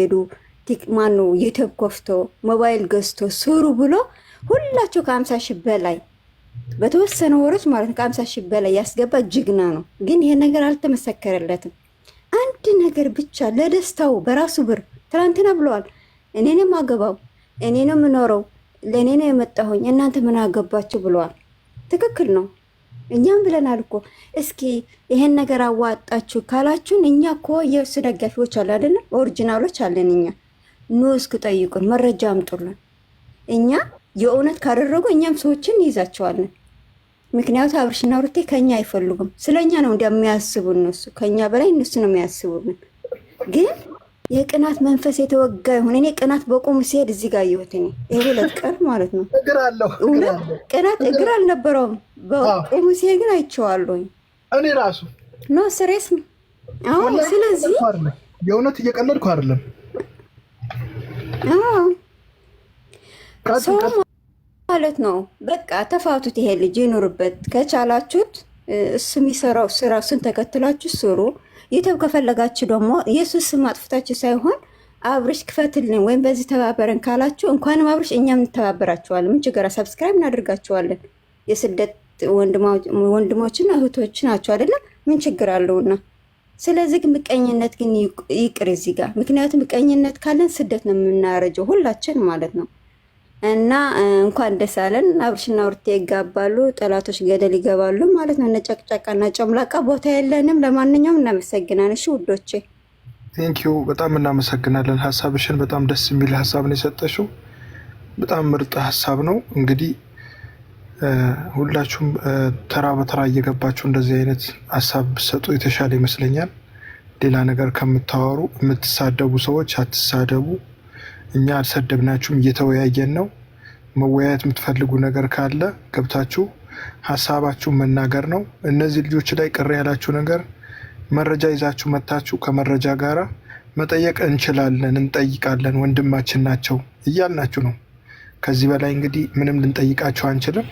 ሄዱ ማኑ ዩቲዩብ ከፍቶ ሞባይል ገዝቶ ስሩ ብሎ ሁላቸው ከአምሳ ሺህ በላይ በተወሰነ ወሮች ማለት ነው ከአምሳ ሺህ በላይ ያስገባ ጅግና ነው። ግን ይሄ ነገር አልተመሰከረለትም። አንድ ነገር ብቻ ለደስታው በራሱ ብር ትላንትና ብለዋል። እኔ ነው የማገባው፣ እኔ ነው የምኖረው፣ ለእኔ ነው የመጣሁኝ፣ እናንተ ምን አገባችሁ ብለዋል። ትክክል ነው። እኛም ብለናል እኮ እስኪ ይሄን ነገር አዋጣችሁ ካላችሁን፣ እኛ እኮ የእሱ ደጋፊዎች አለ አይደለም፣ ኦሪጂናሎች አለን እኛ። ኑ እስኪ ጠይቁን፣ መረጃ አምጡልን። እኛ የእውነት ካደረጉ እኛም ሰዎችን ይይዛቸዋለን። ምክንያቱ አብርሽና ሩቴ ከኛ አይፈልጉም። ስለኛ ነው የሚያስቡ እነሱ፣ ከኛ በላይ እነሱ ነው የሚያስቡብን ግን የቅናት መንፈስ የተወጋ ይሁን። እኔ ቅናት በቁም ሲሄድ እዚህ ጋር እየወት ይሄ ሁለት ቀን ማለት ነው ቅናት እግር አልነበረውም። በቁም ሲሄድ ግን አይቼዋለሁኝ እኔ ራሱ ኖ ስሬስ አሁን። ስለዚህ የእውነት እየቀለድኩ አይደለም። ሰው ማለት ነው በቃ ተፋቱት። ይሄ ልጅ ይኑርበት ከቻላችሁት እሱ የሚሰራው ስራ እሱን ተከትላችሁ ስሩ። ዩቲዩብ ከፈለጋችሁ ደግሞ የእሱ ስም አጥፍታችሁ ሳይሆን አብርሽ ክፈትልን ወይም በዚህ ተባበረን ካላችሁ እንኳንም አብርሽ እኛም እንተባበራችኋለን። ምን ችግር ሰብስክራይብ እናደርጋችኋለን። የስደት ወንድሞችና እህቶች ናቸው አይደለም? ምን ችግር አለውና። ስለዚህ ግን ምቀኝነት ግን ይቅር እዚህ ጋር። ምክንያቱም ምቀኝነት ካለን ስደት ነው የምናረጀው ሁላችን ማለት ነው። እና እንኳን ደስ አለን። አብርሽና ውርቴ ይጋባሉ፣ ጠላቶች ገደል ይገባሉ ማለት ነው። እነጨቅጨቃና ጨምላቃ ቦታ የለንም። ለማንኛውም እናመሰግናለን። እሺ ውዶቼ፣ ቴንኪዩ በጣም እናመሰግናለን። ሀሳብሽን በጣም ደስ የሚል ሀሳብ ነው የሰጠሽው። በጣም ምርጥ ሀሳብ ነው። እንግዲህ ሁላችሁም ተራ በተራ እየገባችሁ እንደዚህ አይነት ሀሳብ ብትሰጡ የተሻለ ይመስለኛል። ሌላ ነገር ከምታወሩ የምትሳደቡ ሰዎች አትሳደቡ። እኛ አልሰደብናችሁም፣ እየተወያየን ነው። መወያየት የምትፈልጉ ነገር ካለ ገብታችሁ ሀሳባችሁ መናገር ነው። እነዚህ ልጆች ላይ ቅር ያላችሁ ነገር መረጃ ይዛችሁ መታችሁ ከመረጃ ጋር መጠየቅ እንችላለን፣ እንጠይቃለን። ወንድማችን ናቸው እያልናችሁ ነው። ከዚህ በላይ እንግዲህ ምንም ልንጠይቃችሁ አንችልም።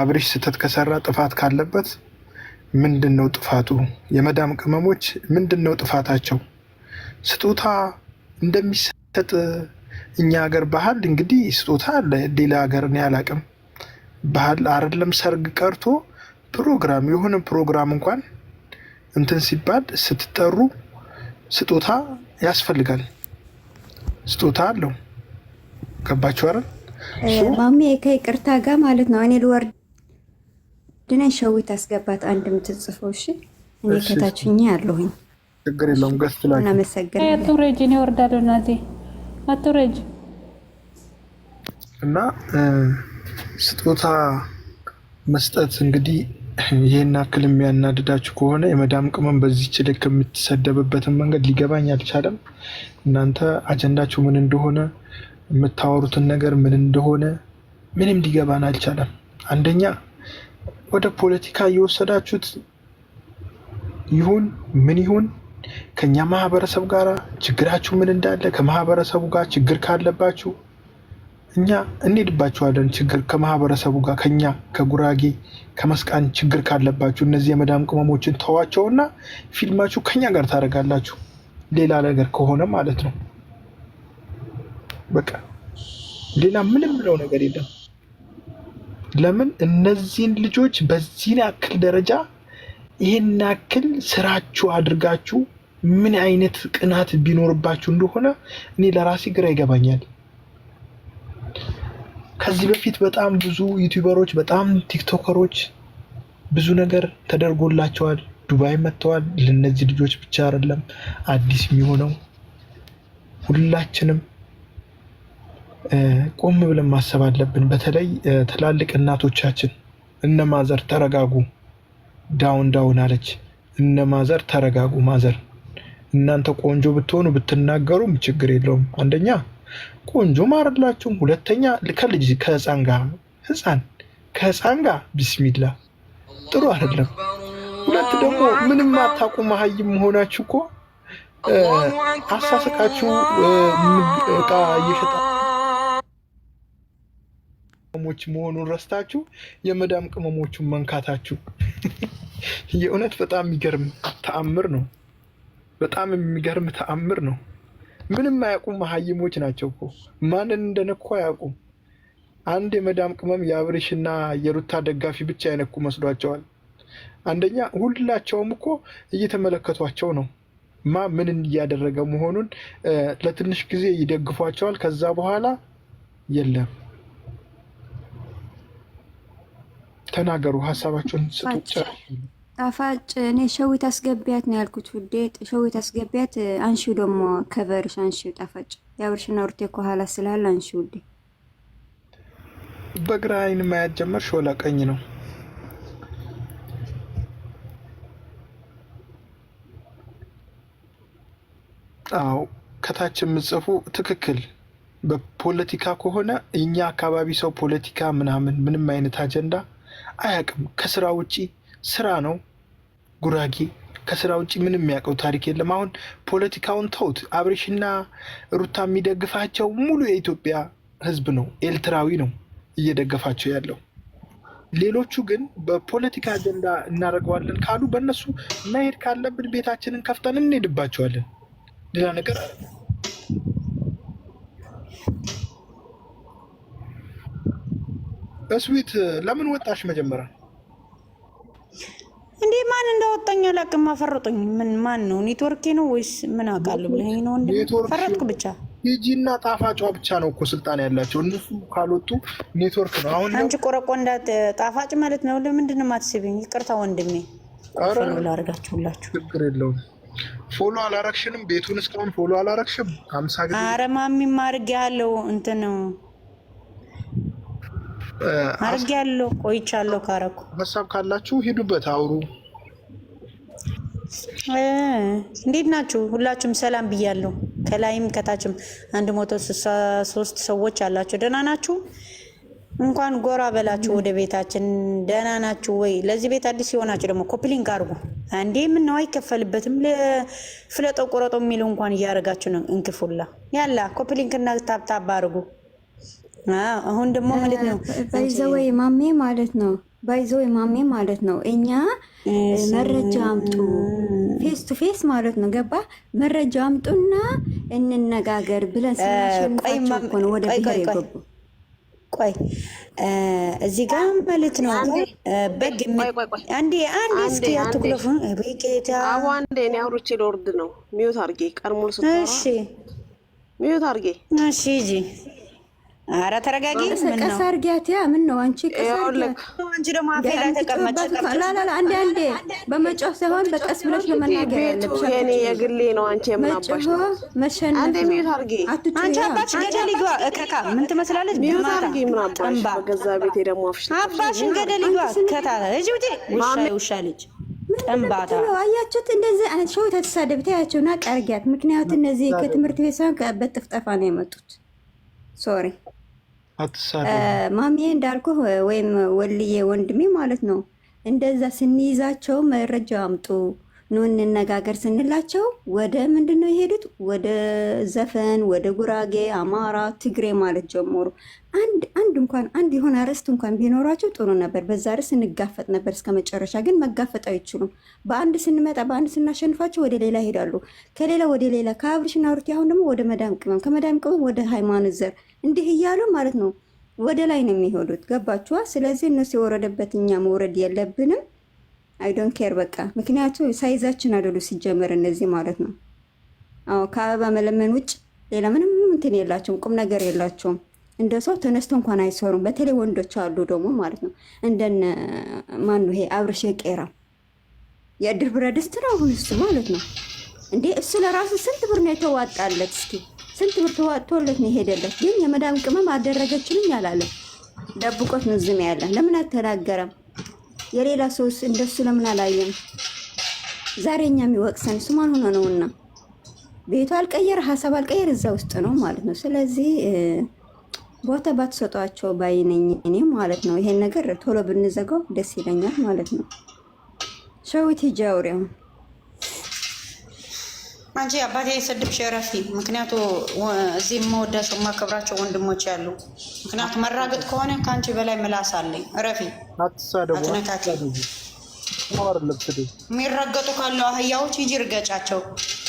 አብሪሽ ስህተት ከሰራ ጥፋት ካለበት ምንድን ነው ጥፋቱ? የመዳም ቅመሞች ምንድን ነው ጥፋታቸው? ስጦታ እንደሚሰ ሰጥ እኛ ሀገር ባህል እንግዲህ ስጦታ አለ። ሌላ ሀገር እኔ አላቅም። ባህል አይደለም ሰርግ ቀርቶ ፕሮግራም የሆነ ፕሮግራም እንኳን እንትን ሲባል ስትጠሩ ስጦታ ያስፈልጋል። ስጦታ አለው። ገባችሁ አይደል? ማሜ ከይቅርታ ጋር ማለት ነው። እኔ ልወርድ ድነን ሸዊት አስገባት አንድ የምትጽፈው እሺ። እኔ ከታችኛ አለሁኝ። ችግር የለውም። ገስ ትላለች። እናመሰግናለን። ቱሬጅን ይወርዳሉ ናዜ አትውረጅ እና ስጦታ መስጠት እንግዲህ ይህን አክል የሚያናድዳችሁ ከሆነ የመዳም ቅመም በዚች ልክ የምትሰደብበትን መንገድ ሊገባኝ አልቻለም። እናንተ አጀንዳችሁ ምን እንደሆነ የምታወሩትን ነገር ምን እንደሆነ ምንም ሊገባን አልቻለም። አንደኛ ወደ ፖለቲካ እየወሰዳችሁት ይሁን ምን ይሁን ከኛ ማህበረሰብ ጋራ ችግራችሁ ምን እንዳለ ከማህበረሰቡ ጋር ችግር ካለባችሁ እኛ እንሄድባችኋለን። ችግር ከማህበረሰቡ ጋር ከኛ ከጉራጌ ከመስቃን ችግር ካለባችሁ እነዚህ የመዳም ቅመሞችን ተዋቸውና ፊልማችሁ ከኛ ጋር ታደርጋላችሁ። ሌላ ነገር ከሆነ ማለት ነው። በቃ ሌላ ምንም ነው ነገር የለም። ለምን እነዚህን ልጆች በዚህን ያክል ደረጃ ይህን ያክል ስራችሁ አድርጋችሁ ምን አይነት ቅናት ቢኖርባችሁ እንደሆነ እኔ ለራሴ ግራ ይገባኛል። ከዚህ በፊት በጣም ብዙ ዩቲዩበሮች፣ በጣም ቲክቶከሮች ብዙ ነገር ተደርጎላቸዋል። ዱባይ መጥተዋል። ለነዚህ ልጆች ብቻ አይደለም አዲስ የሚሆነው። ሁላችንም ቆም ብለን ማሰብ አለብን። በተለይ ትላልቅ እናቶቻችን እነ ማዘር ተረጋጉ፣ ዳውን ዳውን አለች። እነ ማዘር ተረጋጉ ማዘር እናንተ ቆንጆ ብትሆኑ ብትናገሩም ችግር የለውም። አንደኛ ቆንጆ ማርላችሁም፣ ሁለተኛ ከልጅ ከህፃን ጋር ህፃን ከህፃን ጋር ቢስሚላ ጥሩ አይደለም። ሁለት ደግሞ ምንም አታውቁ መሀይም መሆናችሁ እኮ አሳስቃችሁ እቃ እየሸጣ ሞች መሆኑን ረስታችሁ የመዳም ቅመሞቹን መንካታችሁ የእውነት በጣም የሚገርም ተአምር ነው። በጣም የሚገርም ተአምር ነው። ምንም አያውቁም። መሀይሞች ናቸው እኮ ማንን እንደነኩ አያውቁም። አንድ የመዳም ቅመም የአብሬሽና የሩታ ደጋፊ ብቻ የነኩ መስሏቸዋል። አንደኛ ሁላቸውም እኮ እየተመለከቷቸው ነው ማ ምን እያደረገ መሆኑን ለትንሽ ጊዜ ይደግፏቸዋል። ከዛ በኋላ የለም። ተናገሩ ሀሳባቸውን ስጡ። ጣፋጭ እኔ ሸዊት አስገቢያት ነው ያልኩት ውዴት ሸዊት አስገቢያት አንሺው፣ ደግሞ ከበርሽ አንሺው። ጣፋጭ የአብርሽና ውርቴ ከኋላ ስላለ አንሺው ውዴ። በግራ አይን ማየት ጀመርሽ ወላ ቀኝ ነው? አው ከታች የምጽፉ ትክክል። በፖለቲካ ከሆነ እኛ አካባቢ ሰው ፖለቲካ ምናምን ምንም አይነት አጀንዳ አያውቅም ከስራ ውጪ ስራ ነው። ጉራጌ ከስራ ውጭ ምንም የሚያውቀው ታሪክ የለም። አሁን ፖለቲካውን ተውት። አብሬሽና ሩታ የሚደግፋቸው ሙሉ የኢትዮጵያ ህዝብ ነው፣ ኤርትራዊ ነው እየደገፋቸው ያለው። ሌሎቹ ግን በፖለቲካ አጀንዳ እናደርገዋለን ካሉ በእነሱ መሄድ ካለብን ቤታችንን ከፍተን እንሄድባቸዋለን። ሌላ ነገር እስዊት ለምን ወጣሽ መጀመሪያ? እንዳወጣኝ አላቅም። አፈረጡኝ። ምን ማን ነው? ኔትወርኬ ነው ወይስ ምን አውቃለሁ ብለኝ ነው? ፈረጥኩ ብቻ ሂጂና ጣፋጯ ብቻ ነው እኮ ስልጣን ያላቸው እነሱ ካልወጡ ኔትወርክ ነው። አሁን አንቺ ቆረቆ እንዳት ጣፋጭ ማለት ነው። ለምንድን ነው የማትስቢኝ? ይቅርታ ወንድሜ ላደርጋችሁላችሁ ችግር የለውም። ፎሎ አላረግሽንም፣ ቤቱን እስካሁን ፎሎ አላረግሽም። አምሳ ግ አረ ማሚ ማርግ ያለው እንትን ነው ያለው ቆይቻለሁ። ካረኩ ሀሳብ ካላችሁ ሂዱበት አውሩ። እንዴት ናችሁ? ሁላችሁም ሰላም ብያለሁ። ከላይም ከታችም አንድ መቶ ስልሳ ሶስት ሰዎች አላችሁ። ደህና ናችሁ? እንኳን ጎራ በላችሁ ወደ ቤታችን። ደህና ናችሁ ወይ? ለዚህ ቤት አዲስ የሆናችሁ ደግሞ ኮፕሊንግ አድርጉ። እንዴ ምነው አይከፈልበትም? ፍለጠው ቆረጦ የሚለው እንኳን እያደረጋችሁ ነው። እንክፉላ ያላ ኮፕሊንግ እና ታብታብ አድርጉ። አሁን ደግሞ ማለት ነው ይዘወይ ማሜ ማለት ነው ባይዞ የማሜ ማለት ነው። እኛ መረጃ አምጡ ፌስ ቱ ፌስ ማለት ነው። ገባ መረጃ አምጡና እንነጋገር ብለን ስናሸንፋቸው ነው ወደ ብሄር የገቡ። ቆይ እዚህ ጋር ማለት ነው በግ አንዴ አንዴ እስኪ አትኩለፉ ቤቄታ አንዴ እኔ አውርቼ ልወርድ ነው። ሚዩት አርጌ ቀድሞ ስ ሚዩት አርጌ እሺ ጂ አረ ተረጋጊ። ቀስ አርጊያት። ያ ምን ነው አንቺ ቀስ አንዴ በመጮህ ሳይሆን በቀስ ብለሽ ለመናገር ያለብሽ የኔ የግሌ ነው። አንቺ ምን አባሽ መሸነፍ አንቺ አባሽ ገደል ይግባ። እከካ ምን ትመስላለች? ምናባሽ በገዛ ቤቴ ደግሞ አባሽን ገደል ይግባ። ከታ ጅቡቲ ውሻ ልጅ ጥንባታ አያችሁት? እንደዚህ ሸው ተተሳደብ ታያቸውና ቀርጊያት። ምክንያቱ እነዚህ ከትምህርት ቤት ሳይሆን በጥፍጠፋ ነው የመጡት ሶሪ ማሚዬ እንዳልኩ ወይም ወልዬ ወንድሜ ማለት ነው። እንደዛ ስንይዛቸው መረጃ አምጡ ኑ እንነጋገር ስንላቸው ወደ ምንድን ነው የሄዱት? ወደ ዘፈን፣ ወደ ጉራጌ፣ አማራ፣ ትግሬ ማለት ጀመሩ። አንድ አንድ እንኳን አንድ የሆነ ርዕስት እንኳን ቢኖራቸው ጥሩ ነበር። በዛ ርዕስ እንጋፈጥ ነበር እስከ መጨረሻ። ግን መጋፈጥ አይችሉም። በአንድ ስንመጣ በአንድ ስናሸንፋቸው ወደ ሌላ ይሄዳሉ። ከሌላ ወደ ሌላ፣ ከአብርሽና ሩቲ አሁን ደግሞ ወደ መዳም ቅመም፣ ከመዳም ቅመም ወደ ሃይማኖት ዘር፣ እንዲህ እያሉ ማለት ነው ወደ ላይ ነው የሚሄዱት። ገባችኋ? ስለዚህ እነሱ የወረደበት እኛ መውረድ የለብንም። ዶንት ኬር በቃ ምክንያቱ ሳይዛችን አደሉ ሲጀመር እነዚህ ማለት ነው። አዎ ከአበባ መለመን ውጭ ሌላ ምንም እንትን የላቸውም፣ ቁም ነገር የላቸውም። እንደ ሰው ተነስቶ እንኳን አይሰሩም። በተለይ ወንዶች አሉ ደግሞ ማለት ነው እንደነ ነው ይሄ አብርሽ የቄራ የእድር ብረት ድስት ነው አሁን እሱ ማለት ነው እንዴ እሱ ለራሱ ስንት ብር ነው የተዋጣለት? እስኪ ስንት ብር ተዋጥቶለት ነው የሄደለት? ግን የመዳም ቅመም አደረገችልኝ አላለም። ደብቆት ነው ዝም ያለ። ለምን አልተናገረም? የሌላ ሰውስ እንደሱ ለምን አላየም? ዛሬ እኛ የሚወቅሰን ማን ሆኖ ነውና ቤቱ አልቀየር ሀሳብ አልቀየር እዛ ውስጥ ነው ማለት ነው። ስለዚህ ቦታ ባትሰጧቸው ባይነኝ እኔ ማለት ነው። ይሄን ነገር ቶሎ ብንዘጋው ደስ ይለኛል ማለት ነው። ሸዊት ሂጂ አንቺ አባቴ የሰድብ እረፊ። ምክንያቱ እዚህ የምወዳቸው የማከብራቸው ወንድሞች ያሉ። ምክንያቱ መራገጥ ከሆነ ከአንቺ በላይ ምላስ አለኝ። ረፊ አትነካኪ። የሚረገጡ ካለው አህያዎች ሂጂ እርገጫቸው።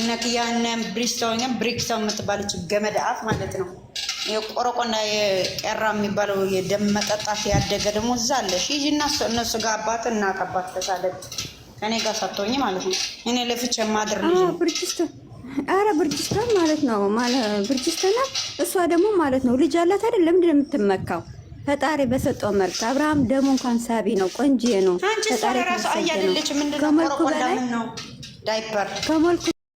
እነ ክያ እነ ብሪስታው ብሪክሰው የምትባለች ገመድ አፍ ማለት ነው። የቆረቆና የቀራ የሚባለው የደም መጠጣት ያደገ ደግሞ እዛ አለሽ። ሂጂ እና እነሱ ጋር አባት እናት አባት ተሳደብ እኔ ጋር ሳትሆኝ ማለት ነው። እኔ ለፍቼ የማድር ልጅ ብርጅስት አረ ብርጅስታን ማለት ነው ብርጅስትና እሷ ደግሞ ማለት ነው ልጅ አላት አይደል? ለምንድን ነው የምትመካው? ፈጣሪ በሰጠው መልክ አብርሃም ደግሞ እንኳን ሳቢ ነው፣ ቆንጆ ነው። ፈጣሪ ራሱ አያደለች ምንድነው? ቆረቆላ ምን ዳይፐር ከመልኩ